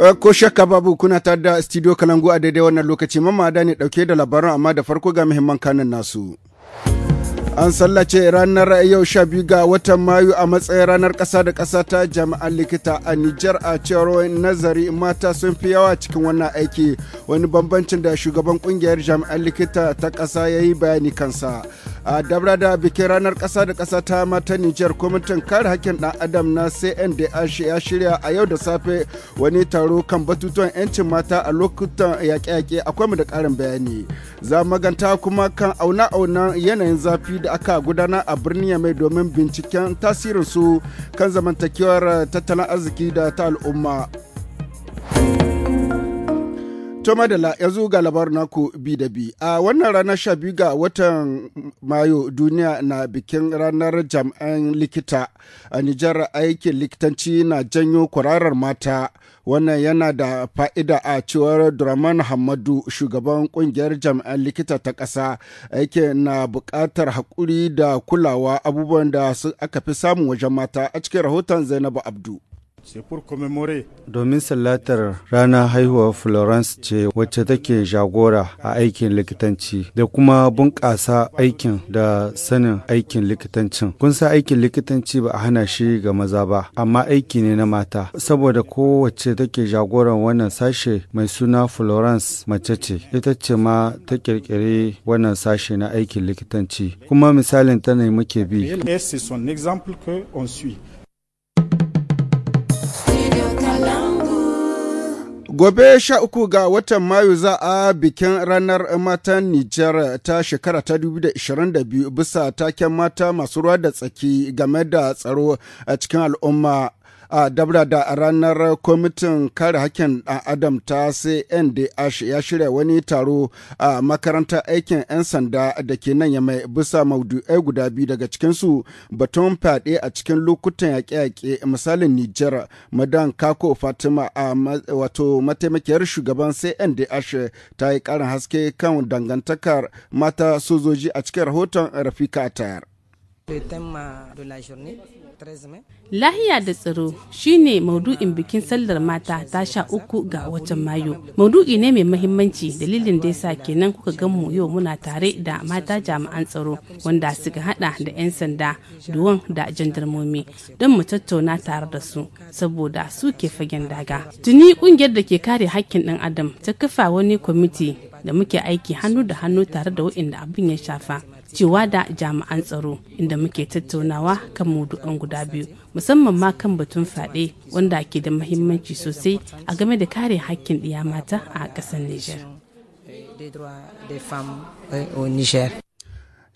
Eh, ko shakka babu kuna ta da studio Kalangu a daidai wannan lokaci mamada ne dauke da labaran amma da farko ga muhimman kanin nasu. an sallace ranar yau sha biyu ga watan mayu a matsayin ranar kasa da ƙasa ta jami'an likita a nijar a cewar nazari mata sun fi yawa cikin wannan aiki wani bambancin da shugaban kungiyar jami'an likita ta kasa ya yi bayani kansa a dabra da bikin ranar kasa da kasa ta mata nijar kwamitin kare hakkin ɗan adam na cndh ya shirya a yau da safe wani taro kan batutuwan 'yancin mata a lokutan yaƙe-yaƙe akwai mu da ƙarin bayani za maganta kuma kan auna-aunan yanayin zafi da da aka gudana a birnin mai domin binciken tasirinsu kan zamantakewar tattalin arziki da ta al'umma. To madala yanzu ga labarin naku bi da bi. A wannan ranar sha biyu ga watan Mayu duniya na bikin ranar jam'an likita a Nijar aikin likitanci na janyo kwararar mata. Wannan yana da fa'ida a cewar Duraman Hamadu shugaban kungiyar jam'an likita ta ƙasa. Aikin na buƙatar haƙuri da kulawa abubuwan da aka fi samun wajen mata a cikin rahoton Zainabu Abdu. Domin sallatar ranar haihuwar Florence ce wacce take jagora a aikin likitanci da kuma bunƙasa aikin da sanin aikin likitancin. Kun sa aikin likitanci ba a hana shi ga maza ba, amma aiki ne na mata. Saboda kowace take jagoran wannan sashe mai suna Florence mace ce, ita ce ma ta ƙirƙiri wannan sashe na aikin likitanci. Kuma misalin ta ne muke bi. Gobe sha uku ga watan Mayu za a bikin ranar matan Nijar ta shekara ta 2022 bisa taken mata masu ruwa da tsaki game da tsaro a cikin al'umma a dabra da ranar kwamitin kare hakkin ɗan adam ta ndh ya shirya wani taro a makaranta aikin 'yan sanda da ke nan ya mai bisa maudu'ai guda biyu daga cikinsu batun fyaɗe a cikin lokutan yaƙe-yaƙe misalin nijar madan kako fatima a wato mataimakiyar shugaban ndh ta yi ƙarin haske kan dangantakar mata sojoji a cikin rahoton rafika tayar Euh, Lahiya da tsaro shi ne maudu'in bikin sallar mata ta sha uku ga watan Mayu. Maudu'i ne mai mahimmanci dalilin da yasa kenan kuka gan mu yau muna tare da mata jami'an tsaro wanda suka hada da 'yan sanda, duwan da jandarmomi don mu tattauna tare da su saboda su ke fagen daga. Tuni kungiyar da ke kare hakkin ɗan adam ta kafa wani kwamiti da muke aiki hannu da hannu tare da waɗanda abin ya shafa. cewa da jami'an tsaro inda muke tattaunawa kan maudu'an guda biyu musamman ma kan batun fyaɗe wanda ke da mahimmanci sosai a game da kare hakkin ɗiya mata a ƙasar Nijar.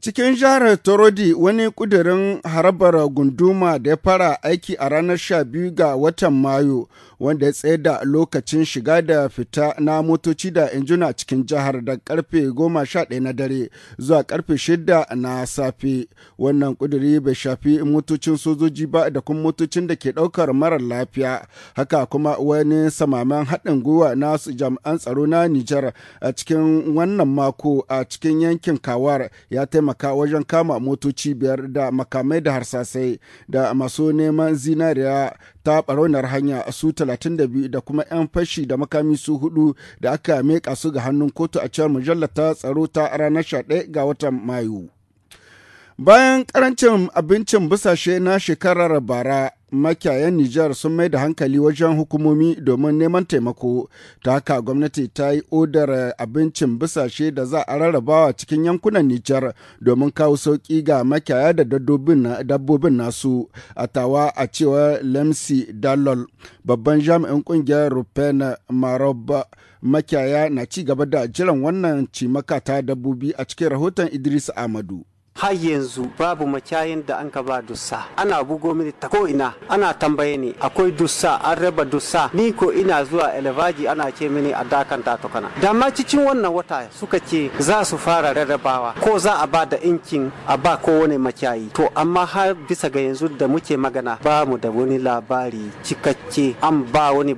Cikin jihar Torodi wani ƙudirin harabar gunduma da ya fara aiki a ranar 12 ga watan Mayu wanda ya tsaye da lokacin shiga da fita na motoci da injuna cikin jihar da karfe 11 na dare zuwa karfe shida na safe. Wannan kudiri bai shafi motocin sojoji ba da kuma motocin da ke ɗaukar marar lafiya. Haka kuma wani samaman haɗin gwiwa na jami'an tsaro na Nijar a cikin wannan mako a cikin yankin Kawar ya taimaka taimaka wajen kama motoci biyar da makamai da harsasai da masu neman zinariya ta baraunar hanya su 32 da kuma 'yan fashi da makami su hudu da aka meka su ga hannun kotu a cewar mujallar ta tsaro ta ranar 11 ga watan mayu. Bayan karancin abincin busashe na shekarar bara makiyayan Nijar sun mai da hankali wajen hukumomi domin neman taimako, ta haka gwamnati ta yi odar abincin bisashe da za a rarrabawa cikin yankunan Nijar domin kawo sauki ga makiyaya da dabbobin nasu, a tawa a cewa Lemsi Dalol, babban jami'in ƙungiyar rufen maroba makiyaya na ci gaba da jiran wannan cimaka ta dabbobi a cikin rahoton Idris Amadu. har yanzu babu makiyayin da an ka ba dussa ana bugo mini ta ko ina ana tambaye ni akwai dussa an raba dussa ni ko ina zuwa elevaji ana ce mini a dakan ta tukana da ma cikin wannan wata suka ce za su fara rarrabawa ko za a ba da inkin a ba kowane makiyayi to amma har bisa ga yanzu da muke magana ba mu da wani labari cikakke an ba wani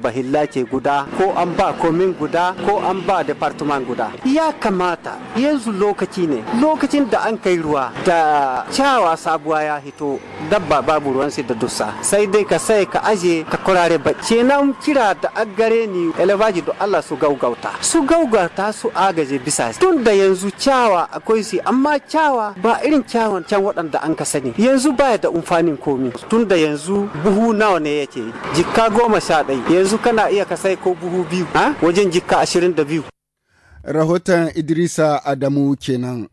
ke guda ko an ba komin guda ko an ba department guda ya kamata yanzu lokaci ne lokacin da an kai ruwa da ciyawa sabuwa ya hito dabba babu ruwan sai da dusa sai dai ka sai ka aje ka kurare ba kenan kira da agare ni elevaji da Allah su gaugauta su gaugauta su agaje bisa tun da yanzu ciyawa akwai su amma ciyawa ba irin ciyawan can waɗanda an ka sani yanzu baya da umfanin komi tun da yanzu buhu nawa ne yake jikka goma sha ɗai yanzu kana iya ka sai ko buhu biyu wajen jikka ashirin da biyu rahoton idrisa adamu kenan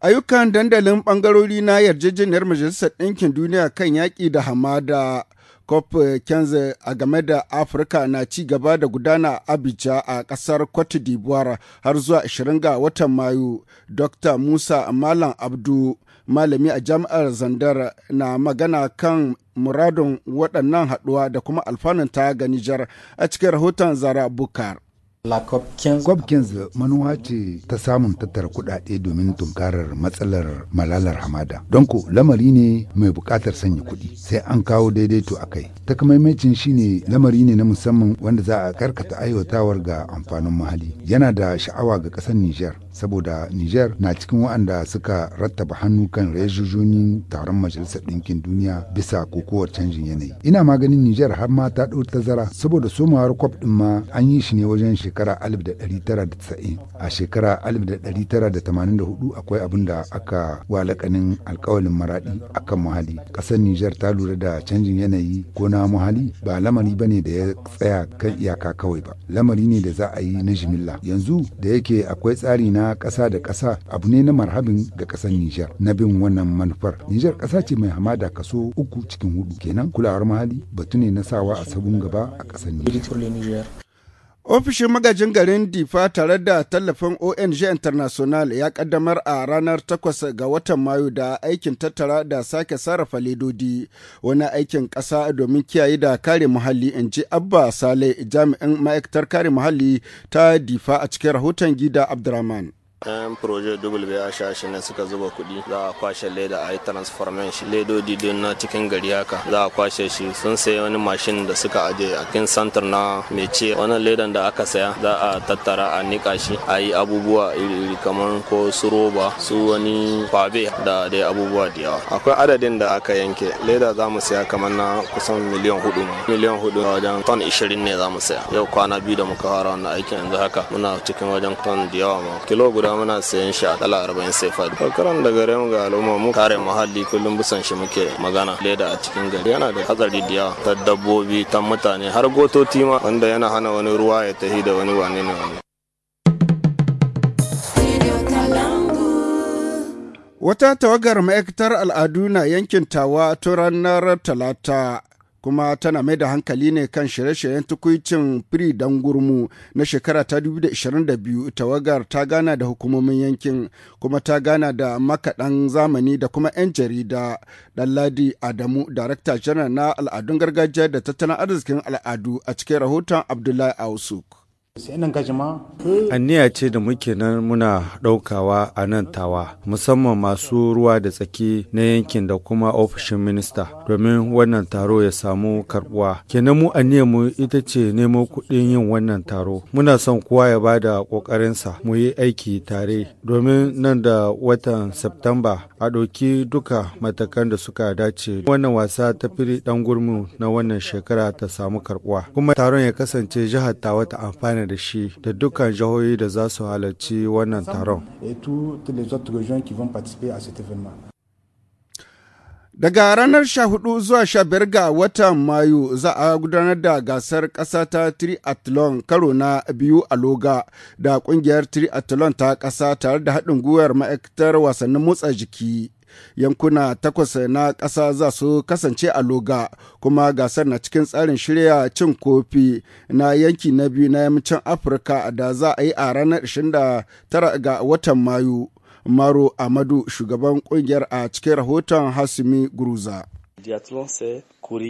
Ayyukan dandalin bangarori na yarjejeniyar Majalisar Ɗinkin Duniya kan yaƙi da hamada COP eh, Kenze a game da Afirka na ci gaba da gudana a Abuja a ƙasar Cote d'Ivoire har zuwa 20 ga watan Mayu. Dr. Musa Malam Abdu, malami a jami'ar Zandar, na magana kan muradun waɗannan haɗuwa da kuma alfanun ta ga Nijar a cikin rahoton Zara Bukar. Hopkins manuwa ce ta samun tattara kudade domin tunkarar matsalar malalar hamada. Don ku lamari ne mai bukatar sanya kuɗi sai an kawo daidaito a kai. Takamaimacin ne lamari ne na musamman wanda za a karkata aiwatawar ga amfanin muhalli. Yana da sha'awa ga ƙasar Nijar. saboda Niger na cikin waɗanda suka rattaba hannu kan rayajujunin taron Majalisar Ɗinkin Duniya bisa kokowar canjin yanayi. Ina maganin Niger har ma ta ɗau tazara saboda somawar kwaf ɗin ma an yi shi ne wajen shekara 1990 a shekara 1984 akwai abin da aka walakanin alkawalin maraɗi akan muhalli. Ƙasar Niger ta lura da canjin yanayi ko na muhalli ba lamari ba ne da ya tsaya kan iyaka kawai ba. Lamari ne da za a yi na jimilla. Yanzu da yake akwai tsari na na ƙasa da ƙasa abu ne na marhabin ga ƙasar Nijar na bin wannan manufar. Nijar ƙasa ce mai hamada kaso uku cikin hudu kenan kulawar muhalli batu ne na sawa a sabon gaba a ƙasar Nijar. Ofishin magajin garin Difa tare da tallafin ONG International ya kaddamar a ranar 8 ga watan Mayu da aikin tattara da sake sarrafa ledodi wani aikin ƙasa domin kiyaye da kare muhalli in ji Abba Sale jami'in ma'aikatar kare muhalli ta Difa a cikin rahoton Gida Abdurrahman. yan proje a shashi ne suka zuba kuɗi za a kwashe leda a yi transformation shi ledodi didi na cikin gari haka za a kwashe shi sun sayi wani mashin da suka aje a kin santar na mece wannan ledan da aka saya za a tattara a nika shi a yi abubuwa iri kamar ko su roba su wani fabe da dai abubuwa da yawa akwai adadin da aka yanke leda za mu saya kamar na kusan miliyan hudu miliyan hudu wajen ton ishirin ne za mu saya yau kwana biyu da muka fara wannan aikin yanzu haka muna cikin wajen ton da yawa ma kilo guda muna sayan shi a dala arba'in sai fadi karkaran da gare mu ga al'umma mu kare muhalli kullum bisan shi muke magana leda a cikin gari yana da hatsari da yawa ta dabbobi ta mutane har gototi ma wanda yana hana wani ruwa ya tahi da wani wane ne wani Wata tawagar ma'aikatar al'adu na yankin tawa ta ranar Talata kuma tana mai da hankali ne kan shirye-shiryen tukuicin firi dan gurmu na shekara ta 2022 tawagar ta gana da hukumomin yankin kuma ta gana da makaɗan zamani da kuma 'yan jarida ɗanladi adamu darakta janar na al'adun gargajiya da tattalin arzikin al'adu a cikin rahoton abdullahi ausuk Aniya ce da muke nan muna ɗaukawa a nan tawa, musamman masu ruwa da tsaki na yankin da kuma ofishin minista, domin wannan taro ya samu karbuwa. Kenan mu mu ita ce nemo kuɗin yin wannan taro. Muna son kowa ya ba da ƙoƙarinsa mu yi aiki tare, domin nan da watan Septamba a ɗauki duka matakan da suka dace. Wannan wasa ta firi ɗan gurmu na wannan shekara ta samu karbuwa. Kuma taron ya kasance jihar tawa ta amfani da shi da dukkan jihohi da za su halarci wannan taron. Daga ranar 14 zuwa 15 ga watan Mayu za a gudanar da gasar ƙasa ta Triathlon karo na biyu a Loga da ƙungiyar Triathlon ta ƙasa tare da haɗin gwiwar ma'aikatar wasannin motsa jiki. yankuna takwas na ƙasa za su kasance a loga kuma gasar na cikin tsarin shirya cin kofi na yanki na biyu na yammacin afirka da za a yi a ranar 29 ga watan mayu maro amadu shugaban kungiyar a cikin rahoton hasimi guruza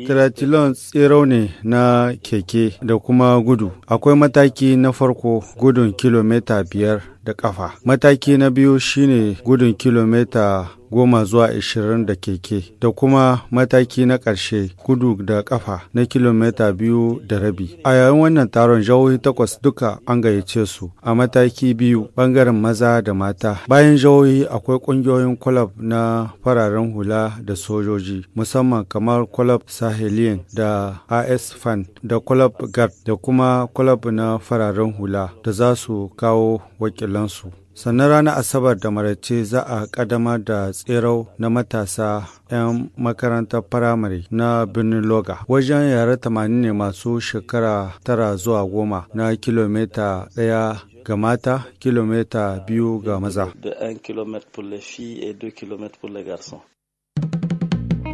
Triathlon tsiro ne na keke da kuma gudu. Akwai mataki na farko gudun kilomita biyar da ƙafa. Mataki na biyu shine gudun kilomita goma zuwa ashirin da keke da kuma mataki na ƙarshe gudu da ƙafa na kilomita biyu da rabi. A yayin wannan taron jihohi takwas duka an gayyace su a mataki biyu bangaren maza da mata. Bayan jihohi akwai ƙungiyoyin kwalab na fararen hula da sojoji musamman kamar kwalab Sahelian da AS Fan da kwalab Gard da kuma kwalab na fararen hula da za su kawo wakil iyalansu. Sannan ranar Asabar da Marace za a ƙaddamar da tserau na matasa 'yan makarantar firamare na birnin Loga. Wajen yare tamanin ne masu shekara tara zuwa goma na kilomita ɗaya ga mata kilomita biyu ga maza.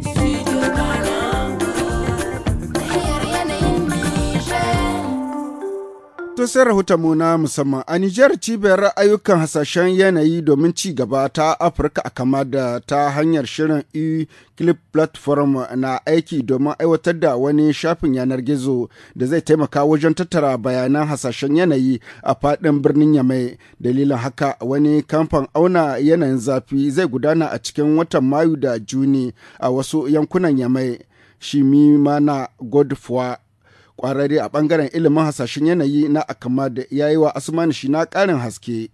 Studio To sai mu na musamman a Nijar cibiyar ayyukan hasashen yanayi domin ci gaba ta Afirka a kama da ta hanyar shirin e-clip platform na aiki domin aiwatar da wani shafin yanar gizo da zai taimaka wajen tattara bayanan hasashen yanayi a faɗin birnin Yamai. Dalilin haka wani kamfan auna yanayin zafi zai gudana a cikin watan Mayu da Juni a wasu yankunan Yamai. Shimimana Godfoy kwararre a ɓangaren ilimin hasashen yanayi na akamad da yi wa asmani shi na karin haske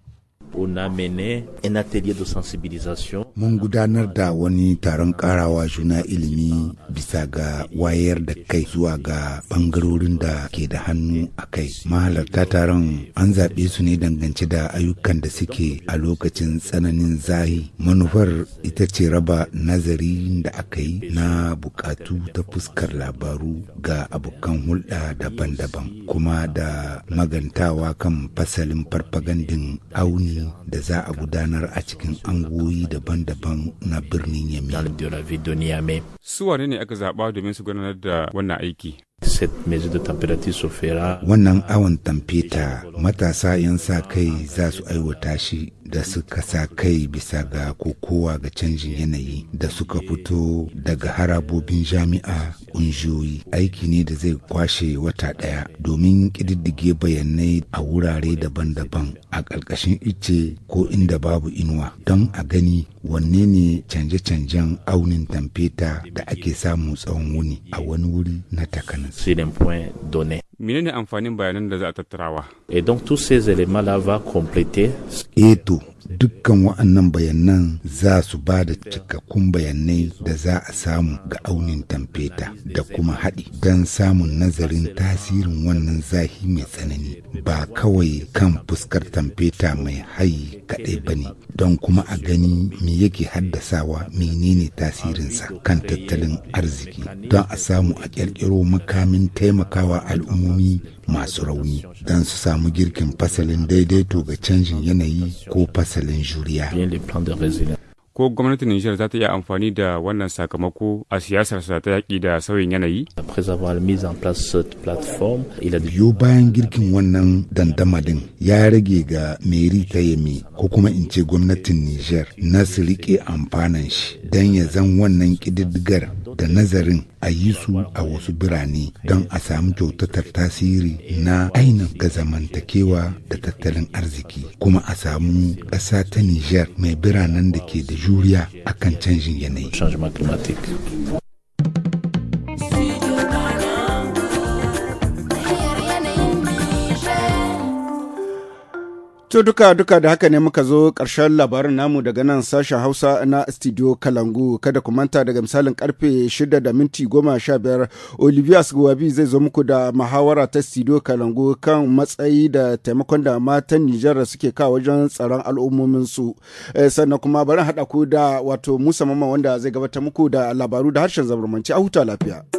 Mun gudanar da wani taron karawa juna ilimi bisa ga wayar da kai zuwa ga bangarorin da ke da hannu a kai. Mahalarta taron an zaɓe su ne dangance da ayyukan da suke a lokacin tsananin zahi. Manufar ita ce raba nazarin da aka yi na bukatu ta fuskar labaru ga abokan hulɗa daban-daban kuma da magantawa kan fasalin farfagandin auni yayin da za a gudanar a cikin angoyi daban-daban na birnin yamin. Su wane ne aka zaɓa domin su gudanar da wannan aiki? Wannan awon tamfeta matasa 'yan sa kai za su aiwata shi da suka sa kai bisa ga kokowa ga canjin yanayi da suka fito daga harabobin jami'a ƙungiyoyi aiki ne da zai kwashe wata ɗaya domin ƙididdige bayanai a wurare daban-daban a ƙarƙashin ice ko inda babu inuwa don a gani wanne ne canje-canjen aunin tamfeta da ake samu tsawon wuni a wani wuri na takanas. menene amfanin bayanan da za a tattarawa eto eh dukkan wa'annan bayanan za su ba da cikakkun bayanai da za a samu ga aunin tamfeta da kuma haɗi don samun nazarin tasirin wannan zafi mai tsanani ba kawai kan fuskar tamfeta mai hayi kaɗai ba ne don kuma a gani me yake haddasawa menene tasirinsa kan tattalin arziki don a samu a ƙirƙiro makamin taimakawa al'ummomi masu rauni don su samu girkin fasalin daidaito ga canjin yanayi ko fasalin juriya. ko gwamnatin Nijar za ta iya amfani da wannan sakamako a siyasar siyasarsa ta yaƙi da sauyin yanayi? Yau bayan girkin wannan dandamalin ya rage ga Meri Tayemi ko kuma in ce gwamnatin Nijar na su riƙe amfanan shi don ya zan wannan ƙididdigar da nazarin a yi su a wasu birane don a samu kyautatar tasiri na ainihin ga zamantakewa da tattalin arziki kuma a samu ƙasa ta Nijar mai biranen da ke da juriya akan canjin yanayi. To duka duka da haka ne muka zo ƙarshen labarin namu daga nan sashen Hausa na Studio Kalangu kada ku manta daga misalin karfe 6 da minti 15 Olivia Sgwabi zai zo muku da muhawara ta Studio Kalangu kan matsayi da taimakon da matan Nijar da suke kawo wajen tsaron al'ummomin su. Eh, sannan kuma bari haɗa ku da wato Musa Mama wanda zai gabatar muku da labaru da harshen zamanci a huta lafiya.